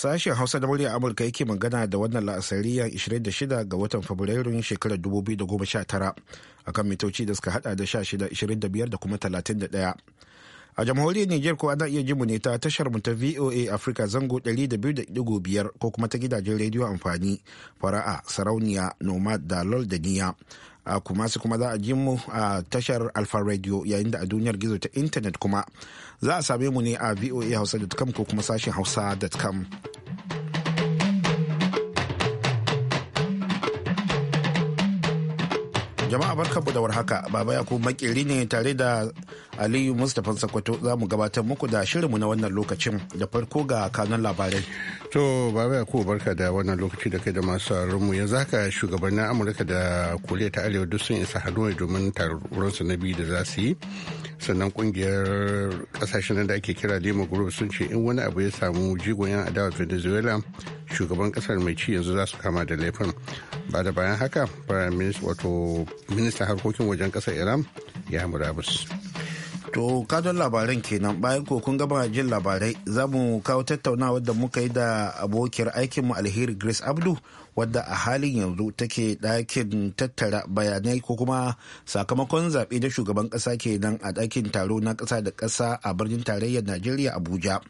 Sashen Hausa da murya Amurka yake magana da wannan la'asariyar 26 ga watan Fabrairun shekarar 2019 akan mitoci da suka hada da 16, 25 da kuma 31. a jamhuriyar niger ko ana iya jimu ne ta tashar mu ta VOA Africa zango 200.5 ko kuma ta gidajen rediyo amfani fara'a sarauniya nomad da lol da niya a kuma su kuma za a ji mu a tashar alfa radio yayin da a duniyar gizo ta intanet kuma za a same mu ne a voa hausa.com ko kuma sashen hausa.com Jama'a barkanku da warhaka, Baba Yakubu makeri ne tare da Aliyu Mustapha sakwato za mu gabatar muku da shirinmu na wannan lokacin da farko ga kanun labarai. To, Baba barka da wannan lokaci da kai da masu mu yanzu haka shugabannin Amurka da Koriya ta Arewa duk sun isa Hanoi domin taron na biyu da za su yi. sannan kungiyar kasashen da ake kira lima group sun ce in wani abu ya samu jigon yan adawa venezuela shugaban kasar mai ci yanzu za su kama da laifin ba da bayan haka prime minister harkokin wajen kasar iran ya murabus. To kadon labaran kenan bayan ko kun gama jin labarai za mu kawo tattaunawa da muka yi da abokiyar aikinmu alheri Grace Abdu wadda a halin yanzu take dakin tattara bayanai ko kuma sakamakon zaɓe da shugaban ƙasa kenan a ɗakin taro na ƙasa da ƙasa a birnin tarayyar Najeriya Abuja.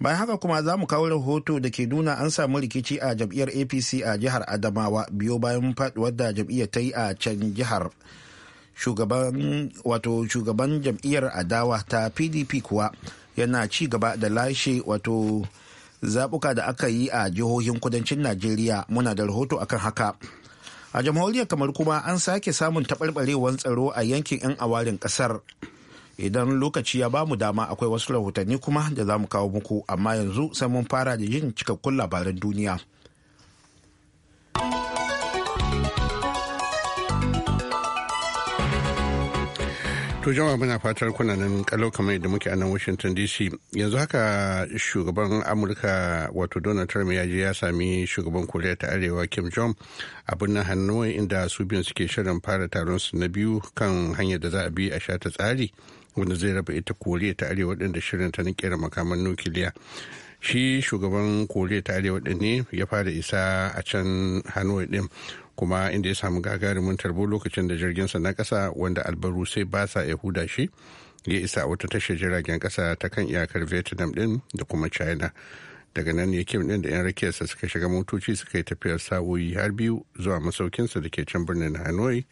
bayan haka kuma za mu kawo rahoto da ke nuna an samu rikici a jam'iyyar apc a jihar adamawa biyo bayan faduwar da jam'iyyar ta yi a can jihar shugaban wato shugaban jam'iyyar adawa ta pdp kuwa yana ci gaba da lashe wato zaɓuka da aka yi a jihohin kudancin najeriya muna da rahoto akan haka a jamhuriyar kamar kuma an sake samun taɓarɓarewar tsaro a yankin 'yan awarin ƙasar idan lokaci ya bamu dama akwai wasu rahotanni kuma da za mu kawo muku amma yanzu sai mun fara da yin cikakkun labaran duniya. To jama'a muna fatar kuna nan kalau kamar da muke a nan Washington DC. Yanzu haka shugaban Amurka wato Donald Trump ya je ya sami shugaban Koriya ta Arewa Kim Jong a birnin Hanoi inda su biyun suke shirin fara taron su na biyu kan hanyar da za a bi a sha ta tsari wanda zai raba ita Koriya ta Arewa din da shirin ta na makaman nukiliya. shi shugaban koriya ta arewa din ne ya fara isa a can hannuwa din kuma inda ya samu gagarumin tarbo lokacin da jirgin sa na kasa wanda albaru sai ba sa ya huda shi ya isa wata tashar jiragen kasa ta kan iyakar vietnam din da kuma china daga nan ne kim din da 'yan rakiyarsa suka shiga motoci suka yi tafiyar sa'o'i har biyu zuwa masaukinsa da ke can birnin hanoi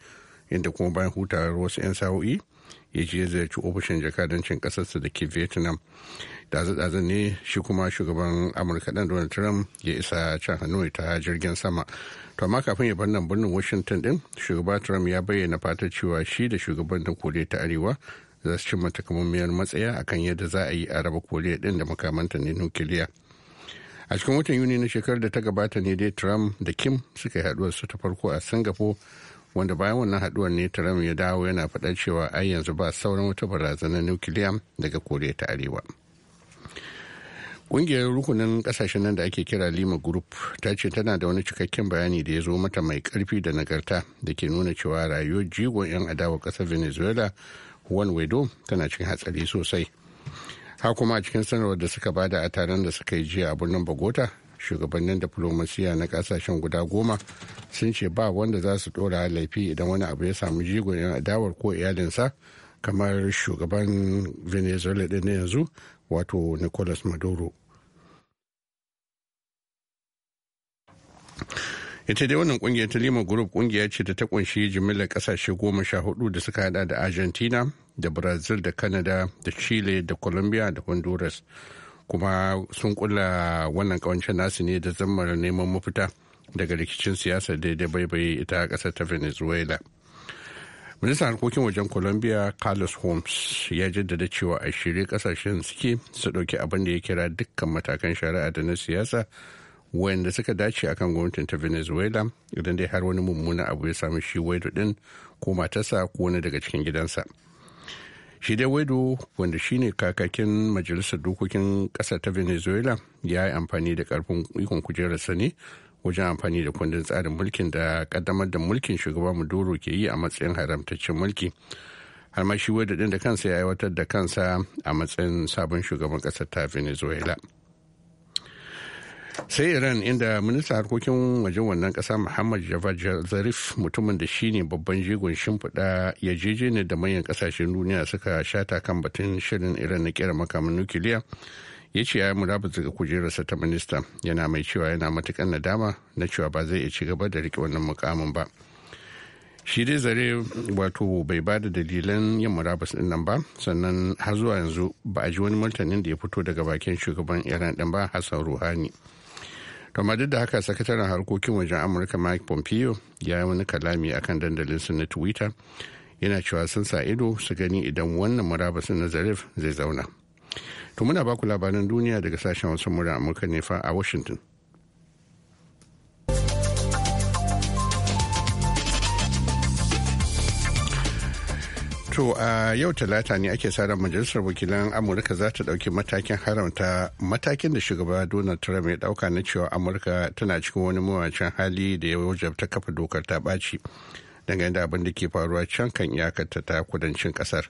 inda kuma bayan hutawar wasu 'yan sa'o'i ya je ziyarci ofishin jakadancin kasarsa da ke vietnam dazu-dazu ne shi kuma shugaban amurka dan donald trump ya isa can hanoi ta jirgin sama to amma kafin ya bar nan birnin washington din shugaba trump ya bayyana fatar cewa shi da shugaban da koriya ta arewa za su cimma takamammiyar matsaya akan yadda za a yi a raba koriya din da makamanta ne nukiliya a cikin watan yuni na shekarar da ta gabata ne dai trump da kim suka yi haduwar su ta farko a singapore wanda bayan wannan haduwar ne trump ya dawo yana faɗar cewa ai yanzu ba sauran wata barazanar nukiliya daga koriya ta arewa Ƙungiyar rukunin ƙasashen nan da ake kira Lima Group ta ce tana da wani cikakken bayani da ya zo mata mai ƙarfi da nagarta da ke nuna cewa rayuwar jigon 'yan adawa ƙasar Venezuela Juan Guaido tana cikin hatsari sosai. Ha kuma a cikin sanarwar da suka bada a taron da suka yi jiya a birnin Bogota, shugabannin diplomasiya na ƙasashen guda goma sun ce ba wanda za su ɗora laifi idan wani abu ya samu jigon 'yan adawar ko iyalinsa kamar shugaban Venezuela ɗin yanzu wato Nicolas Maduro. ita dai wannan kungiyar ta lima group kungiya ce da ta kunshi jimillar kasashe goma sha hudu da suka hada da argentina da brazil da canada da chile da colombia da honduras kuma sun kula wannan kawancin nasu ne da zammar neman mafita daga rikicin siyasa daidai baibaye ita kasar ta venezuela ministan harkokin wajen colombia carlos holmes ya jaddada cewa a shirye kasashen suke su dauki abin da ya kira dukkan matakan shari'a da na siyasa wanda suka dace akan gwamnatin ta venezuela idan dai har wani mummuna abu ya samu shi waido din ko matarsa ko wani daga cikin gidansa shi dai waido wanda shine kakakin majalisar dokokin kasar ta venezuela ya yi amfani da karfin ikon kujerarsa ne wajen amfani da kundin tsarin mulkin da kaddamar da mulkin shugaba maduro ke yi a matsayin haramtaccen mulki har ma shi waido din da kansa ya aiwatar da kansa a matsayin sabon shugaban kasar ta venezuela sai iran inda ministan harkokin wajen wannan kasa muhammad javad zarif mutumin da shine babban jigon shimfiɗa ya jeje ne da manyan kasashen duniya suka shata kan batun shirin iran na kera makamin nukiliya ya ce ya yi murabus daga kujerarsa ta minista yana mai cewa yana matukan nadama na cewa ba zai iya ci gaba da rike wannan mukamin ba shi dai zare wato bai ba da dalilan yin murabus din nan ba sannan har zuwa yanzu ba a ji wani martanin da ya fito daga bakin shugaban iran din ba hassan ruhani amma duk da haka sakataren harkokin wajen amurka mike pompeo ya yi wani kalami akan su na twitter yana cewa sun sa ido su gani idan wannan murabasin na zarif zai zauna to muna baku labaran duniya daga sashen wasu murar amurka ne a washington To a yau talata ne ake sa ran majalisar wakilan Amurka za ta ɗauki matakin haramta matakin da shugaba Donald Trump ya ɗauka na cewa Amurka tana cikin wani mawacin hali da ya ta kafa dokar ta ɓaci dangane da abin da ke faruwa can kan iyakarta ta kudancin ƙasar.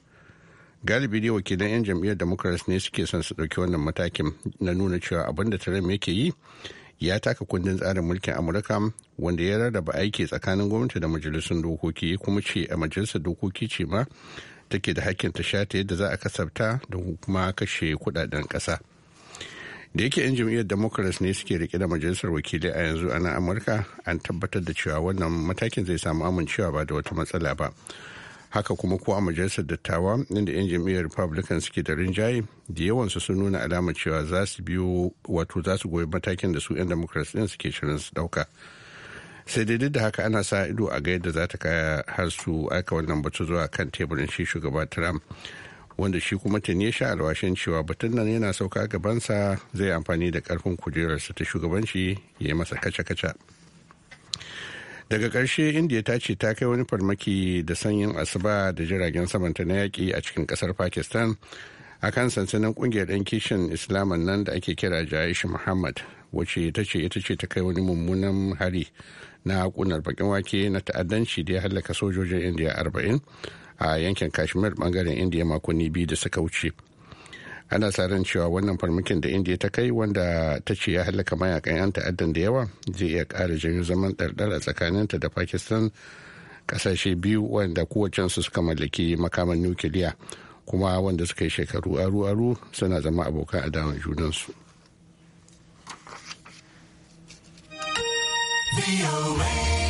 Galibi ne wakilan 'yan jam'iyyar Democrats ne suke son su ɗauki wannan matakin na nuna cewa abin da Trump yake yi ya taka kundin tsarin mulkin amurka wanda ya rarraba aiki tsakanin gwamnati da majalisun dokoki kuma ce a majalisar dokoki ce ma take da hakkin ta shata yadda za a kasafta da kuma kashe kudaden kasa da yake 'yan jam'iyyar democrats ne suke rike da majalisar wakilai a yanzu a nan amurka an tabbatar da cewa wannan matakin zai samu amincewa ba da wata matsala ba haka kuma ko a majalisar dattawa inda 'yan jam'iyyar republican suke da rinjaye da yawansu sun nuna alamar cewa za su biyo wato za su goyi matakin da su 'yan democrats din suke shirin su dauka sai dai da haka ana sa ido a ga yadda za ta kaya har su aika wannan batu zuwa kan teburin shi shugaba trump wanda shi kuma ta ya sha alwashin cewa batun nan yana sauka gabansa zai amfani da karfin kujerarsa ta shugabanci ya yi masa kaca-kaca. daga karshe indiya ta ce ta kai wani farmaki da sanyin asuba da jiragen samanta na yaki a cikin ƙasar pakistan a kan sansanin ƙungiyar 'yan kishin islaman nan da ake kira jayish muhammad wacce ta ce ita ce ta kai wani mummunan hari na ƙunar bakin wake na ta'addanci da ya hallaka sojojin indiya arba'in a yankin kashmir bangaren indiya makonni biyu da suka wuce ana sa ran cewa wannan farmakin da indiya ta kai wanda ta ce ya halaka mayakan 'yan ta'addan da yawa zai iya kara janyo zaman ɗarɗar a tsakaninta da pakistan ƙasashe biyu wanda kowacensu suka mallaki makaman nukiliya kuma wanda suka yi shekaru aru-aru suna zama abokan adawan junansu. Be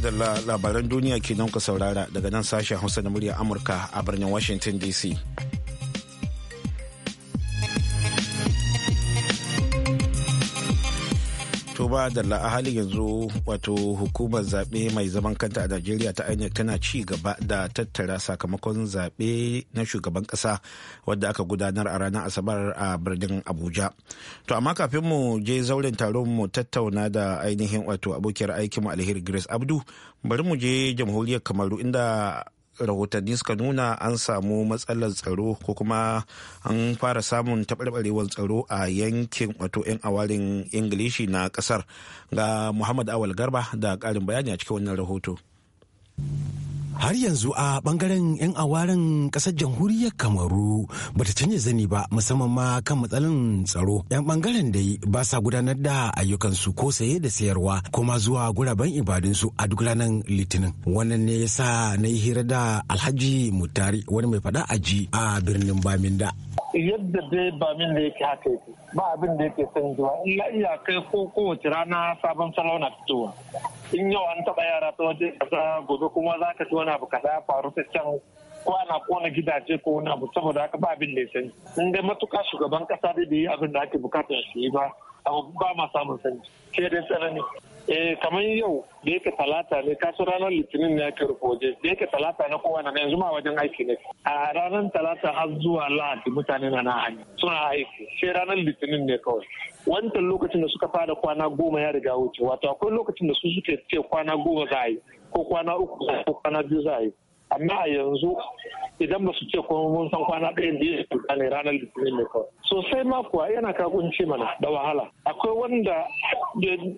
da labaran duniya kenan ku saurara daga nan sashen hausa na murya amurka a birnin washington dc to ba da a yanzu wato hukumar zaɓe mai zaman kanta a najeriya ta inec tana ci gaba da tattara sakamakon zaɓe na shugaban ƙasa wadda aka gudanar a ranar asabar a birnin abuja to amma kafin mu je zauren taron mu tattauna da ainihin wato abokiyar mu alheri grace abdu bari mu je jamhuriyar kamaru inda rahotanni suka nuna an samu matsalar tsaro ko kuma an fara samun taɓarɓarewar tsaro a yankin wato 'yan awarin ingilishi na ƙasar ga muhammad awal garba da ƙarin bayani a cikin wannan rahoto har yanzu a bangaren 'yan awaren kasar jamhuriyar kamaru bata canza zani ba musamman ma kan matsalin tsaro 'yan bangaren da ba sa gudanar da ayyukansu ko saye da sayarwa kuma zuwa guraben ibadunsu a duk ranar litinin wannan ne ya sa na yi hira da alhaji mutari wani mai fada aji a birnin baminda yadda dai baminda yake haka yake ba abin da yake son zuwa in ya iya kai ko kowace rana sabon salo na fitowa in yau an taba yara ta waje kasa gobe kuma za ka ci wani abu kaza ya faru ta can ko ana kona gidaje ko wani abu saboda haka ba abin da ya sani in dai matuka shugaban kasa da yi abin da ake bukatar shi ba abu ba ma samun sani sai dai tsanani eh kamar yau da yake talata ne kaso ranar litinin ne ake rufoje da yake talata na kowane na yanzu ma wajen aiki ne a ranar talata har zuwa lahadi mutane na na suna aiki sai ranar litinin ne kawai wancan lokacin da suka fara kwana goma ya riga wuce wato akwai lokacin da su suke ce kwana goma za a yi ko kwana uku ko kwana biyu za a yi amma a yanzu idan ba su ce kuma mun san kwana ɗaya da ya shiga ne ranar litinin ne kawai sosai ma kuwa yana kakunci mana da wahala akwai wanda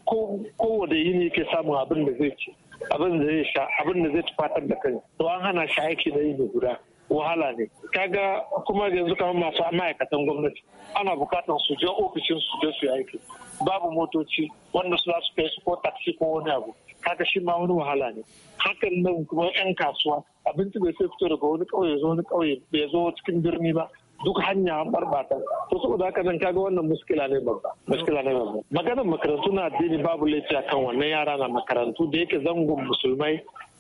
kowane yini ke samun abin da zai ci abin da zai sha abin da zai tufatar da kai to an hana shi aiki na yini guda wahala ne kaga kuma yanzu kamar masu ma'aikatan gwamnati ana bukatan su je ofishin su je su yi aiki babu motoci wanda su za su kai su ko taksi ko wani abu kaga shi ma wani wahala ne hakan nan kuma yan kasuwa abinci bai sai fito daga wani kauye zo wani kauye bai zo cikin birni ba duk hanya an barbata to saboda haka zan kaga wannan muskila ne babba muskila ne babba maganar makarantu na addini babu laifi a kan wannan yara na makarantu da yake zangon musulmai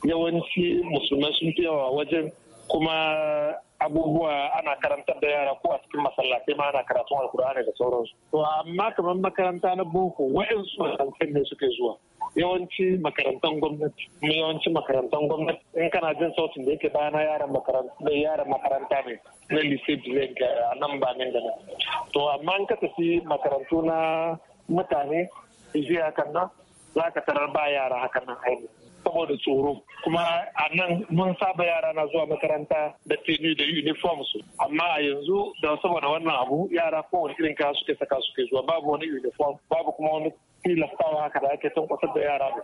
yawanci musulmai sun fi yawa wajen kuma abubuwa ana karantar da yara ko a cikin masallatai ma ana karatun alkur'ani da sauransu to amma kamar makaranta na boko wa'in su ne suke zuwa yawanci makarantan gwamnati yawanci makarantan gwamnati in kana jin sautin da yake bana yaran makaranta yaran makaranta ne na lise bilen a nan ba nan da to amma in ka tafi makarantu na mutane ijiya hakan nan za ka tarar ba yara hakan nan aini saboda tsoro kuma a nan mun saba yara na zuwa makaranta da tenu da uniform su amma a yanzu da saboda wannan abu yara kowane irin kaya suke saka suke zuwa babu wani uniform babu kuma wani tilastawa haka da ake tankwasar da yara da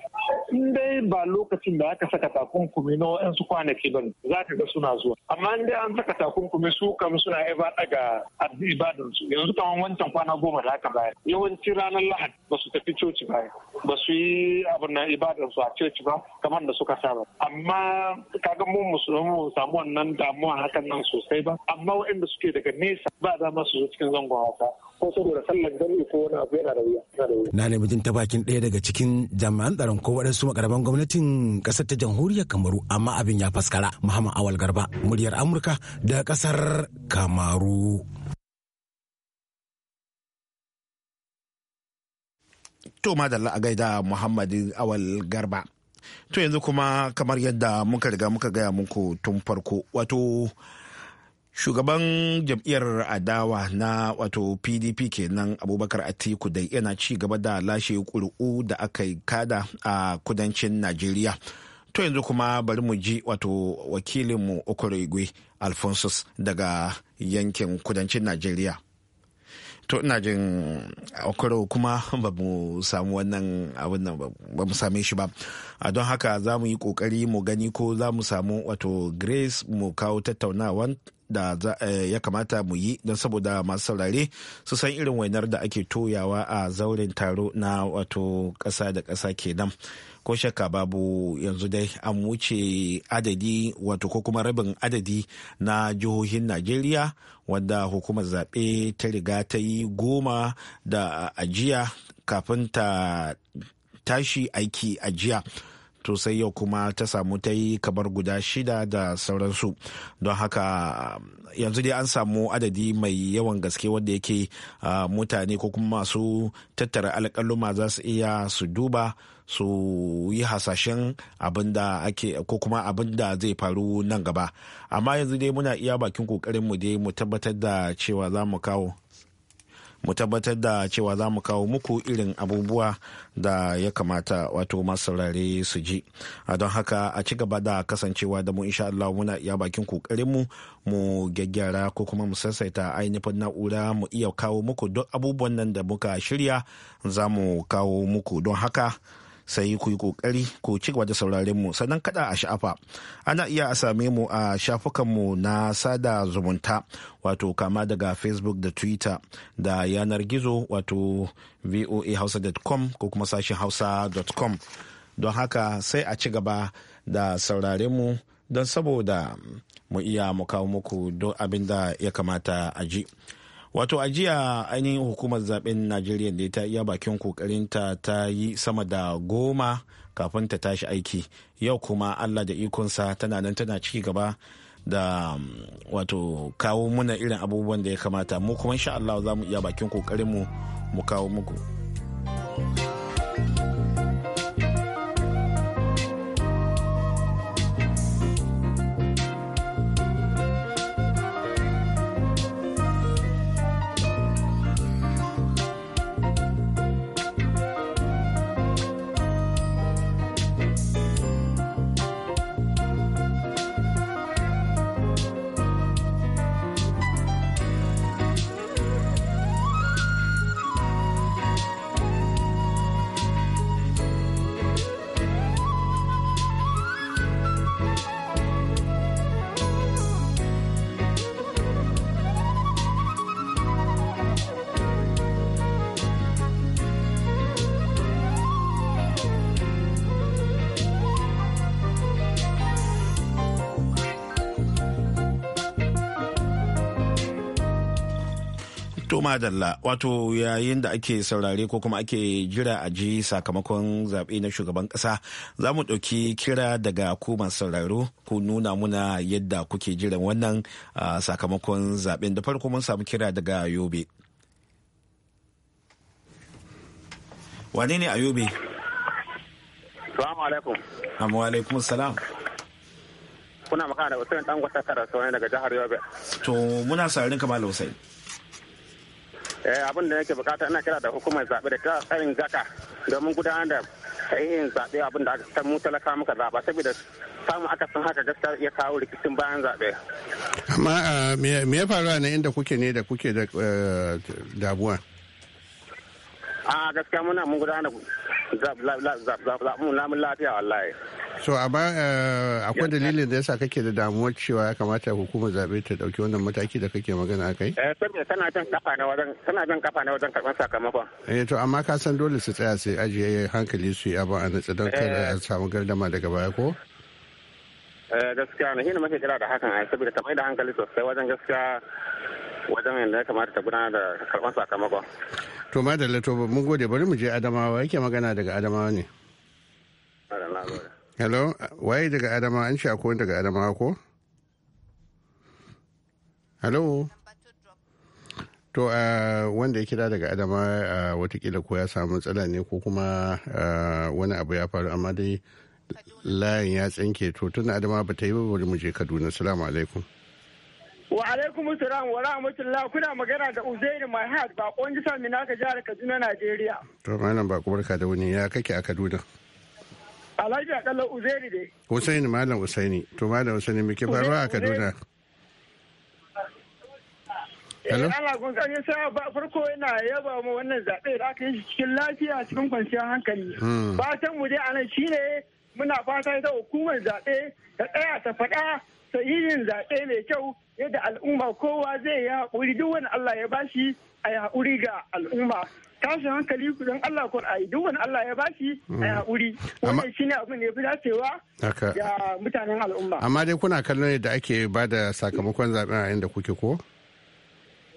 in dai ba lokacin da aka saka takunkumi na wa'yansu kwanaki ba za ka ga suna zuwa amma in dai an saka takunkumi su kam suna iba daga ibadan su yanzu kamar wancan kwana goma da aka bayar yawanci ranar lahadi ba su tafi coci ba ba su yi abin na ibadan su a coci ba kamar da suka saba amma kaga mu musulmi samu wannan damuwa hakan nan sosai ba amma waɗanda suke daga nesa ba dama su zo cikin zangon hausa ko Na nemi jin ta bakin ɗaya daga cikin jami'an tsaron ko waɗansu makaraban gwamnatin ƙasar ta jamhuriyar Kamaru amma abin ya faskara Muhammad Awal Garba muryar Amurka da ƙasar Kamaru. To madalla a gaida Muhammad Awal Garba. To yanzu kuma kamar yadda muka riga muka gaya muku tun farko wato shugaban jam'iyyar adawa na wato pdp kenan abubakar atiku dai yana ci gaba da lashe ƙuri'u da aka kada a kudancin najeriya to yanzu kuma bari mu ji wato wakilinmu okoroigwe alphonsus daga yankin kudancin najeriya to ina jin okoro kuma ba mu samu wannan abin ba mu same shi ba a don haka za mu yi kokari mu gani ko za mu samu wato grace mu kawo tattaunawan da eh, ya kamata mu yi don saboda masu saurare su san irin wainar da ake toyawa a zauren taro na wato ƙasa da ƙasa kenan ko shakka babu yanzu dai an wuce adadi wato ko kuma rabin adadi na jihohin najeriya wadda hukumar zaɓe ta riga ta yi goma da ajiya kafin ta tashi aiki ajiya to sai yau kuma ta samu ta yi kamar guda shida da sauransu don haka yanzu dai an samu adadi mai yawan gaske wanda yake mutane ko kuma masu tattara alƙaluma za su iya su duba su yi hasashen abin da ake ko kuma abin da zai faru nan gaba amma yanzu dai muna iya bakin kokarin mu dai mu tabbatar da cewa za mu kawo mu tabbatar da cewa za mu kawo muku irin abubuwa da ya kamata wato masu saurare su ji don haka a ci gaba da kasancewa da mu insha Allah muna iya bakin kokarin mu mu gyaggyara ko kuma mu sassaita ainihin na'ura mu iya kawo muku duk abubuwan nan da muka shirya za mu kawo muku don haka sai ku yi kokari ku ci gaba da sauraren mu sannan kada a sha'afa ana iya a same mu a shafukanmu na sada zumunta wato kama daga facebook da twitter da yanar gizo wato voahausa.com ko kuma sashen hausa.com don haka sai a ci gaba da sauraren mu don saboda mu iya mu kawo muku don abin da ya kamata a ji. wato a jiya ainihin hukumar zaben najeriya da ta iya bakin kokarinta ta yi sama da goma kafin ta tashi aiki yau kuma allah da ikonsa tana nan tana ciki gaba da mm, wato kawo muna irin abubuwan da ya kamata mu kuma insha Allah za mu iya bakin kokarinmu mu kawo muku. Dalla wato yayin da ake saurare ko kuma ake jira a ji sakamakon zaɓe na shugaban ƙasa za mu ɗauki kira daga kuma sauraro ku nuna muna yadda kuke jiran wannan sakamakon zaɓen da farko mun samu kira daga yobe wane ne a yobe salamu alaikum amma salam kuna magana da usain dan gwata wani daga jihar yobe to muna saurin kamar usain abin da yake bukata ana kira da hukumar zaɓe da ta tsarin zaka domin gudanar da yin zaɓe abin da aka san mu talaka muka zaɓa saboda samun aka san haka gaskiya ya kawo rikicin bayan zaɓe. amma me ya faru ne inda kuke ne da kuke da damuwa. a gaskiya muna mun gudanar da zaɓe mu namun lafiya wallahi. so amma eh, akwai dalilin da yasa kake da damuwar cewa ya kamata hukumar zaɓe ta ɗauki wannan mataki da kake magana kai? Eh saboda tana jan kafa na wajen tana jan kafa na wajen karɓar sakamakon. Eh to amma ka san dole su tsaya su ajiye hankali su yi abin a natsa don kar a eh. samu gardama daga baya ko? Eh gaskiya na hina mafi kira da hakan ai eh, saboda ta mai da hankali sosai wajen gaskiya wajen yadda ya kamata ta gudanar da karɓar sakamakon. To madalla to mun gode bari mu je Adamawa yake magana daga Adamawa ne. Madalla hello waye daga adama an ce akwai daga adama ko hello to uh, wanda ya kira daga adama uh, watakila ko ya samu matsala ne ko kuma uh, wani abu ya faru amma dai layin ya tsinke to tun adama ba ta yi ba bari mu je kaduna salamu alaikum wa alaikum salam wa rahmatullah kuna magana da uzairi my heart bakon jisa minaka jihar kaduna najeriya to malam ba barka da wani ya kake a kaduna Alhaji Akalla dai. Usaini Malam Usaini. To Malam Usaini muke faruwa a Kaduna. Eh, Hello? Allah kun kan yasa ba farko yana yaba mu wannan zaɓe da aka yi cikin lafiya cikin kwanciyar hankali. Hmm. Fatan mu dai anan shine muna fata ita hukumar zaɓe ta tsaya ta faɗa ta yin zaɓe mai kyau yadda al'umma kowa zai yi haƙuri duk wani Allah ya bashi a yi haƙuri ga al'umma tashi hankali don Allah ko a duk wani Allah ya bashi a mm. haƙuri wannan shine abin da ya fi dacewa da mutanen al'umma amma dai kuna kallon da ake ba da sakamakon zaben a inda kuke ko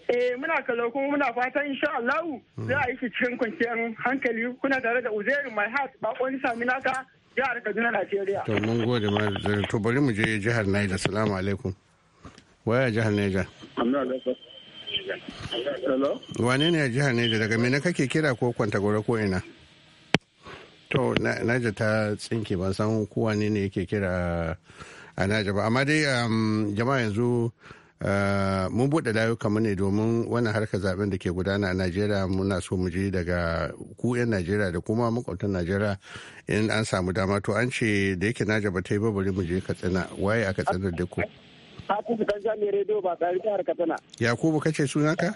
eh muna kallo kuma muna fatan insha Allah mm. za a yi shi cikin kwanciyar hankali kuna tare da Uzairu my heart ba wani sami naka jihar Kaduna Najeriya to mun gode ma to bari mu je jihar Niger assalamu alaikum waya jihar Niger Wane ne a jihar Neja daga Minna kake kira ko kwanta gora ko ina? To, Naja ta tsinke ban san kuwa ne ne yake kira a Naja ba. Amma dai um, jama'a yanzu uh, mun buɗe layuka mu ne domin wannan harkar zaben da ke gudana a Najeriya muna so mu je daga ku 'yan Najeriya da kuma makwabtan Najeriya in an samu dama to an ce da yake Naja ba ta yi ba bari mu je Katsina waye a Katsina da ku. Hafizu kan jami'ar rediyo ba tsari jihar Katsina. Yakubu kace sunanka?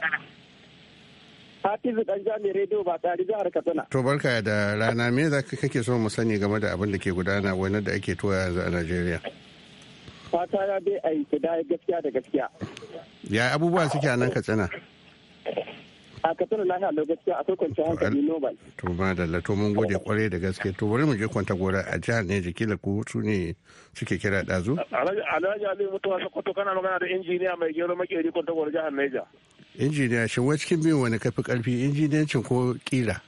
Hafizu kan jami'ar rediyo ba tsari jihar Katsina. To barka da rana me za ka kake so mu sani game da abin da ke gudana wani da ake toya yanzu a Najeriya? Fata ya dai a yi gaskiya da gaskiya. Ya abubuwa suke a nan Katsina? a katsina lafiya da gaskiya akwai kwanciyar hankali nobel to ba da lato mun gode kwarai da gaske to bari mu je kwanta gora a jihar ne jiki da ku su ne suke kira dazu alhaji ali mutuwa sokoto kana magana da injiniya mai gero makeri kwanta gora jihar Niger. injiniya shin wai cikin biyu wani kafi karfi injiniyancin ko kira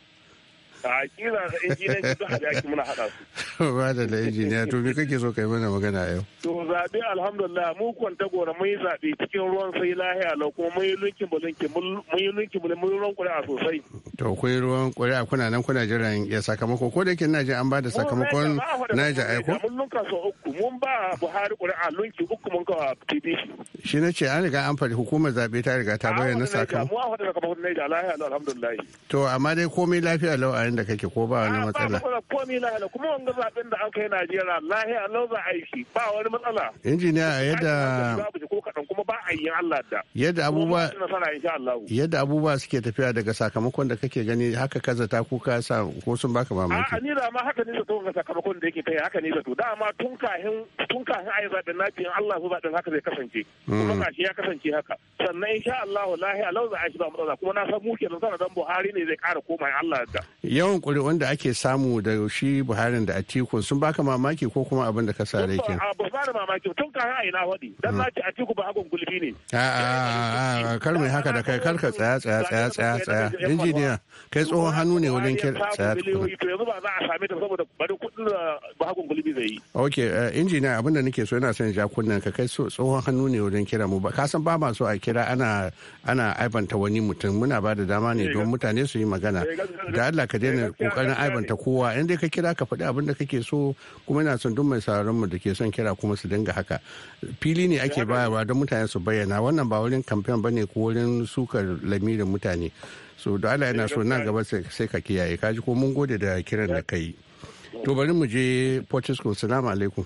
a kila da injiniyanci duk ake muna haɗa su. ba da laifin injiniya to me kake so kai mana magana yau. to zaɓe alhamdulillah mu kwanta gora mun yi zaɓe cikin ruwan sai lahiya lau kuma mun yi linkin ba mun yi linkin ba mun yi ruwan kuri'a sosai. to yi ruwan kuri'a kuna nan kuna jiran ya sakamako ko da ke na ji an ba da sakamakon na ji aiko. mun lunka so uku mun ba buhari kuri'a lunki uku mun a pdp. shi na ce an riga an faɗi hukumar zaɓe ta riga ta bayyana sakamako. mu a faɗi sakamakon na ji alhamdulillah. to amma dai komai lafiya lau a da kake ko ba wani ah, matsala. Ba ko na lahala kuma wanga zaben da aka yi Najeriya a lau za a yi shi ba wani matsala. Injiniya yadda kuma ba a yi Allah da. Yadda abubuwa yadda abubuwa suke tafiya daga sakamakon da kake gani haka kaza ta ko ka sa ko sun baka mamaki. A ni da ma haka ni zato ga sakamakon da yake kai haka ni zato ma tun kafin tun kahin ayi zaben na biyan Allah su zaben haka zai kasance. Kuma kashi mm. ya kasance haka sannan insha Allah lahiya lau za a yi shi ba matsala kuma na san mu kenan sanadan Buhari ne zai kara koma Allah da. yawan kuri da ake samu da shi buharin da atiku sun baka mamaki ko kuma abin da ka sa rai ke ba ba da mamaki tun ka ha ina wadi dan na ci atiku ba agon gulbi ne a a kar mai haka da kai kar ka tsaya tsaya tsaya tsaya tsaya injiniya kai tsohon hannu ne wajen kira tsaya to yanzu ba za a same ta saboda bari kudin ba agon gulbi zai yi okay injiniya abin da nake so ina son ja kunnen ka kai tsohon hannu ne wajen kira mu ba ka san ba ma so a kira ana ana aibanta wani mutum muna ba da dama ne don mutane su yi magana da Allah ka dai yana kokarin aibanta kowa in dai ka kira ka faɗi abin da kake so kuma ina son duk mai sauraron mu da ke son kira kuma su dinga haka fili ne ake bayarwa don mutane su bayyana wannan ba wurin kamfen bane ko wurin sukar lamirin mutane so da Allah yana so nan gaba sai ka kiyaye ka ji ko mun gode da kiran da kai to bari mu je Portisco salamu alaikum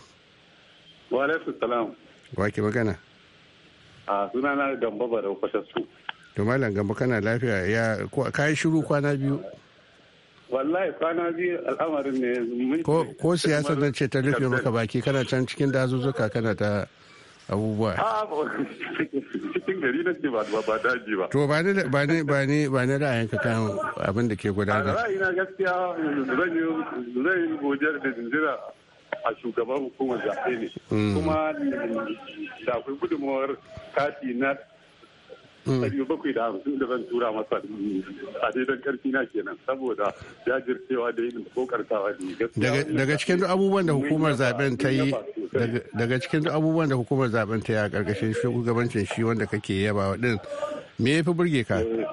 wa alaikum salam wa ke magana a na. Gamba kwashe su to malam Gamba kana lafiya ya kai shiru kwana biyu wallahi kwana biyu al'amarin ne ko siyasa nan ce ta rufe maka baki kana can cikin dazuzzuka kana ta abubuwa ah, cikin gari na ce ba ba daji ba to ba ne ba ne ba ne ba ni kan abin da ke gudana ra'ayina gaskiya zan yi zan yi gojar da jinjira a shugaban hukumar zaɓe ne mm. kuma da akwai gudunmawar kati na ɗari mm. bakwai da hamsin da zan tura masa a daidan karfi na kenan saboda ya jirtewa da yin kokartawa da daga cikin duk abubuwan da hukumar zaben ta yi daga cikin duk abubuwan da hukumar zaben ta yi a ƙarƙashin shugabancin shi wanda kake yabawa din me ya fi burge ka eh,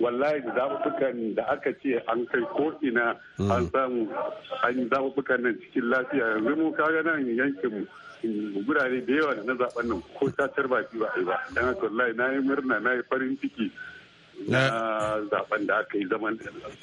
wallahi da zaɓuɓɓukan da aka ce an kai ko ina mm. an samu an yi zaɓuɓɓukan nan cikin lafiya yanzu mu kaga nan yankin mu. gurare da yawa da na zaben nan ko satar baki ba a yi ba dan haka wallahi na yi murna na yi farin ciki na zaben da aka yi zaman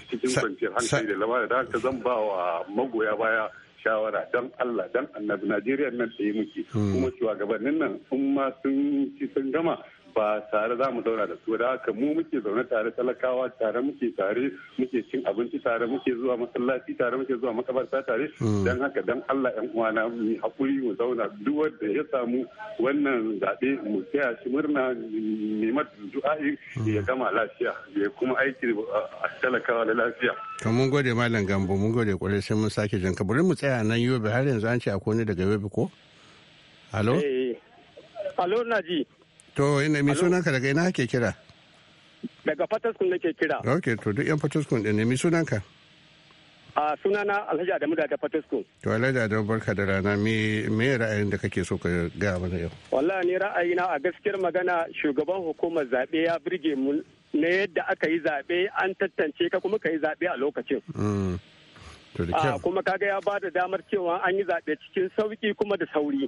cikin kwanciyar hankali da lamarin da aka zan ba wa magoya baya shawara don Allah don annabi Najeriya nan da yi muke hmm. kuma shugabannin nan sun ma sun ci sun gama ba tare za mu zauna da su da haka mu muke zaune tare talakawa tare muke tare muke cin abinci tare muke zuwa masallaci tare muke zuwa makabarta tare hmm. dan haka dan Allah yan uwana mu hakuri mu zauna duk wanda ya samu wannan zaɓe mu taya shi murna nemat du'a'i hmm. ya gama lafiya ya kuma aiki a talakawa da lafiya to mun gode malam gambo mun gode kwarai sai mun sake jin ka bari mu tsaya nan yobe har yanzu an ce akwai ne daga yobe ko alo alo na To ina mai ka daga ina ake kira? Daga Fataskun nake kira. Ok to duk yan Fataskun ɗin ne mai ka. A sunana Alhaji Adamu da Fataskun. To Alhaji Adamu barka da rana me me ra'ayin da kake so ka ga mana yau? Wallahi ni ra'ayina a gaskiyar magana shugaban hukumar zabe ya burge mu na yadda aka yi zaɓe an tantance ka kuma ka yi zaɓe a lokacin. Mm. Kuma kaga ya ba da damar cewa an yi zaɓe cikin sauƙi kuma da sauri.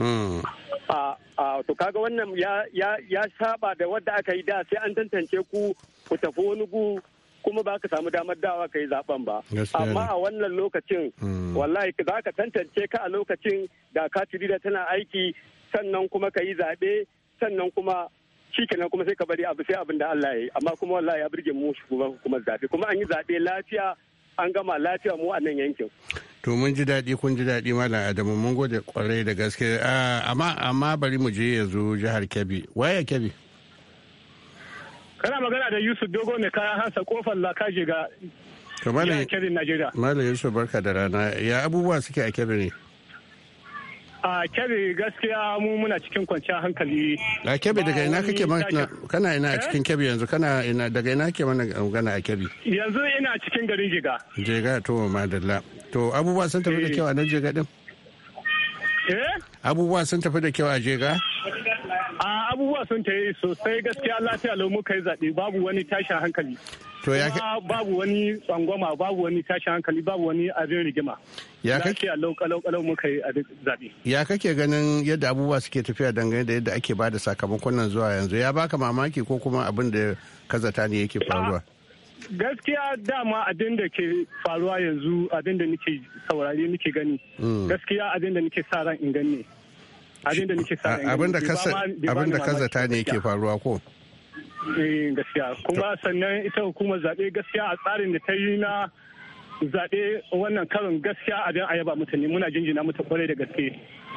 a to kaga wannan ya saba da wadda aka yi da sai an tantance ku ku tafi wani gu kuma ba ka samu damar dawa ka yi zaben ba amma a wannan lokacin hmm. wallahi za ka tantance ka a lokacin da ka da tana aiki sannan kuma ka yi zaɓe sannan kuma shi kenan kuma sai ka bari abu sai abin da Allah ya yi amma kuma wallahi ya burge mu shugaban hukumar zaɓe kuma an yi zaɓe lafiya an gama lafiya mu a nan yankin to mun ji daɗi kun ji daɗi malam adamu mun gode kwarai da gaske ah, amma amma bari mu je yanzu jihar kebbi waye kebbi kana magana da yusuf dogo ne kayan hansa kofar lakaji ga jihar kebbi najeriya malam yusuf barka da rana ya abubuwa suke a kebbi ne a kebe gaskiya mu muna cikin kwanciyar hankali a kebe daga ina kake kana ina a eh? cikin kebe yanzu kana ina daga ina ke mana magana a kebe yanzu ina cikin garin jiga jiga to madalla to abubuwa sun tafi da eh. kyau a nan jiga din eh? abubuwa sun tafi da kyau a jiga a abubuwa sun tafi sosai gaskiya lafiya lau muka yi zaɓe babu wani tashin hankali To ya babu wani tsangwama babu wani tashi hankali babu wani abin rigima. Ya kake a kalau muka yi a zabe. Ya kake ganin yadda abubuwa suke tafiya dangane da yadda ake bada sakamakon nan zuwa yanzu ya baka mamaki ko kuma abin da kazata ne yake faruwa. Gaskiya dama abin da ke faruwa yanzu abin da nake saurari nake gani. Mm. Gaskiya abin da nake sa ran in gani. Abin da nake sa ran. Abin da kazata ne yake faruwa ko. Eh, gaskiya kuma sannan ita hukumar zaɓe gaskiya a tsarin da ta yi na zaɓe wannan karin gaskiya a don ayaba mutane muna jinjina mata kwarai da gaske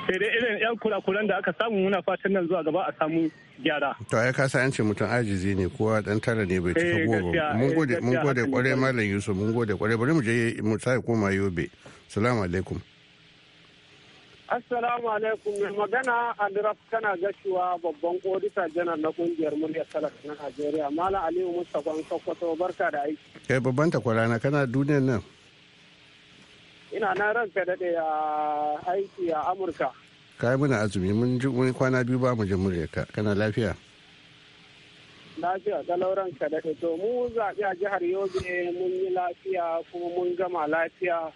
sai dai irin yan kurakuran da aka samu muna fatan nan zuwa gaba a samu gyara to ai ka san ce mutum ajizi ne kowa dan tara ne bai cika eh, goma mun eh, gode mun gode kwarai malam yusuf mun gode kwarai bari mu je mu sai koma yobe assalamu alaikum Assalamu alaikum mai magana Andraf kana gashiwa babban odita janar na kungiyar murya talaka na Najeriya Malam Aliyu Mustapha Sokoto barka da aiki. Kai eh, babban takwarana kana duniyar nan. Ina nan ranka daɗe a aiki a Amurka. Kai muna azumi mun ji wani kwana biyu ba mu ji muryarka kana lafiya. Lafiya lauran ka daɗe to mu zaɓi a jihar Yobe mun yi lafiya kuma mun gama lafiya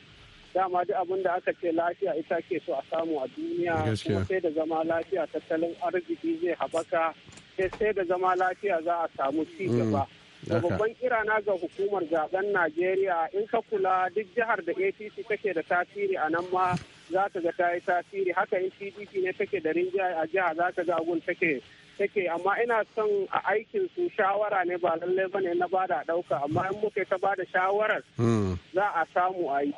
dama duk abin da aka ce lafiya ita ke so a samu a duniya kuma sai da zama lafiya tattalin arziki zai habaka sai da zama lafiya za a samu ci mm, gaba da babban kira ga hukumar zaben najeriya in ka kula duk jihar da apc take da tasiri a nan ma za ta ga ta yi tasiri haka in pdp ne take da rinjaye a jiha za ta ga gun take take amma ina son a aikin su shawara ne ba lallai bane na bada dauka amma in muka ta bada shawarar mm. za a samu a yi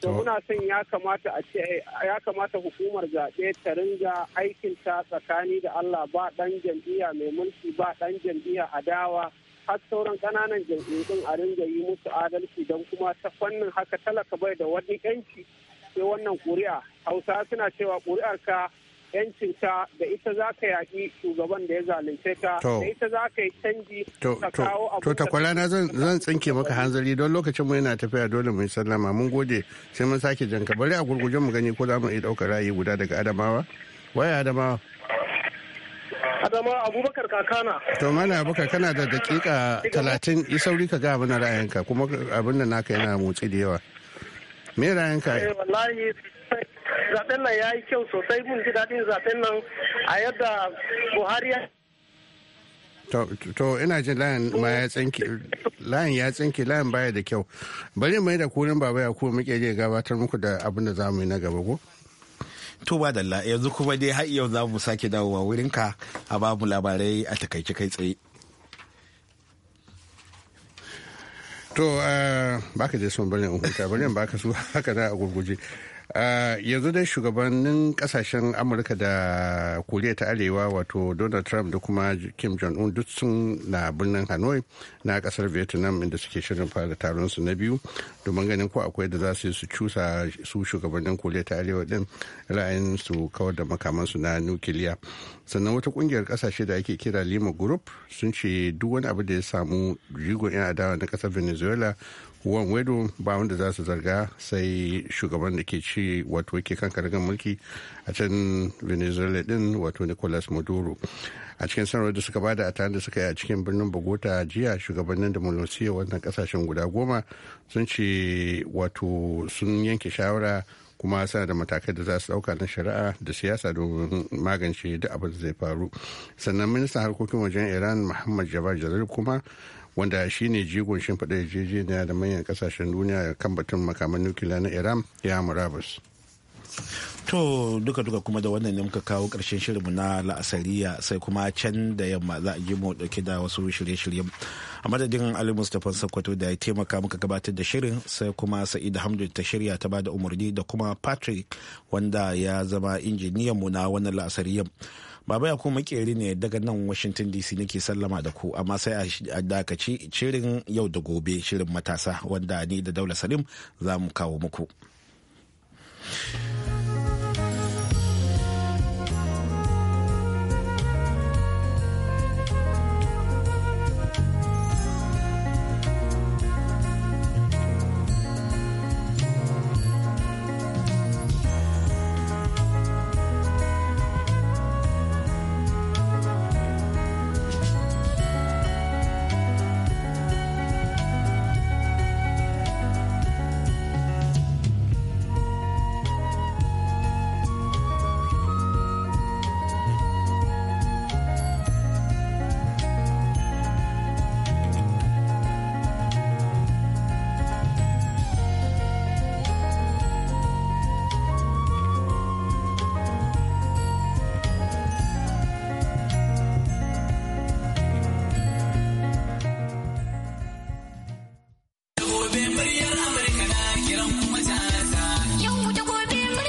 to muna son ya kamata a ce ya kamata hukumar zaɓe ta ringa aikin ta tsakani da Allah ba ɗan jam'iyya mai mulki ba ɗan jam'iyya adawa har sauran ƙananan jam'iyyun a ringa yi musu adalci don kuma ta fannin haka talaka bai da wani yanci sai wannan ƙuri'a hausa suna cewa ƙuri'ar ka yancinta da ita za ka yaƙi shugaban da ya zalunce ta da ita za ka yi canji ta kawo abu to takwala na zan tsinke maka hanzari don lokacin mu yana tafiya dole mu yi sallama mun gode sai mun sake janka bari a gurgujen mu gani ko za mu iya ɗaukar ra'ayi guda daga adamawa waya adamawa adamawa abubakar kakana to mana abubakar kana da dakika talatin yi sauri ka ga abin ra'ayinka kuma abin da naka yana motsi da yawa me ra'ayinka eh, wallahi zaben nan ya yi kyau sosai mun ji daɗin zaben nan a yadda buhari ya to ina jin layin ma ya tsinke layin ya tsinke layin baya da kyau bari mai da kurin baba ya kuma muke je gabatar muku da abin da zamu yi na gaba ko to ba dalla yanzu kuma dai har yau za mu sake dawowa wurinka a ba mu labarai a takaice kai tsaye to eh, baka je son bari in huta bari in baka su haka da a gurguje yanzu dai shugabannin kasashen amurka da koriya ta arewa wato donald trump da kuma kim jong-un duk sun na birnin hanoi na kasar vietnam inda suke shirin fara taron su na biyu domin ganin ko akwai da za su yi su cusa su shugabannin koriya ta arewa din ra'ayin su kawar da makamansu na nukiliya sannan wata kungiyar kasashe da ake kira lima group sun ce duk wani abu da ya samu jigon yan adawa na kasar venezuela wan wedo ba wanda za su zarga sai shugaban da ke ci wato yake kan karagan mulki a can venezuela din wato nicolas maduro a cikin sanarwar da suka bada a tare da suka yi a cikin birnin bogota jiya shugabannin da molosiya wannan kasashen guda goma sun ce wato sun yanke shawara kuma sana da matakai da za su dauka na shari'a da siyasa domin magance da abin da zai faru sannan ministan harkokin wajen iran muhammad jabar jalil kuma wanda shi shine jigon shimfiɗa yarjejeniya da manyan kasashen duniya kan batun makaman nukiliya na iran ya murabus to duka duka kuma da wannan ne muka kawo ƙarshen shirinmu na la'asariya sai kuma can da yamma za a ji mu dauke da wasu shirye-shiryen a madadin ali mustapha sokoto da ya taimaka muka gabatar da shirin sai kuma sa'id hamdu ta shirya ta bada umarni da kuma patrick wanda ya zama injiniyanmu na wannan la'asariyan Baba ya kuma makeri ne daga nan Washington DC nake sallama da ku amma sai a dakaci shirin yau da gobe shirin matasa wanda ni da Daula Salim za mu kawo muku.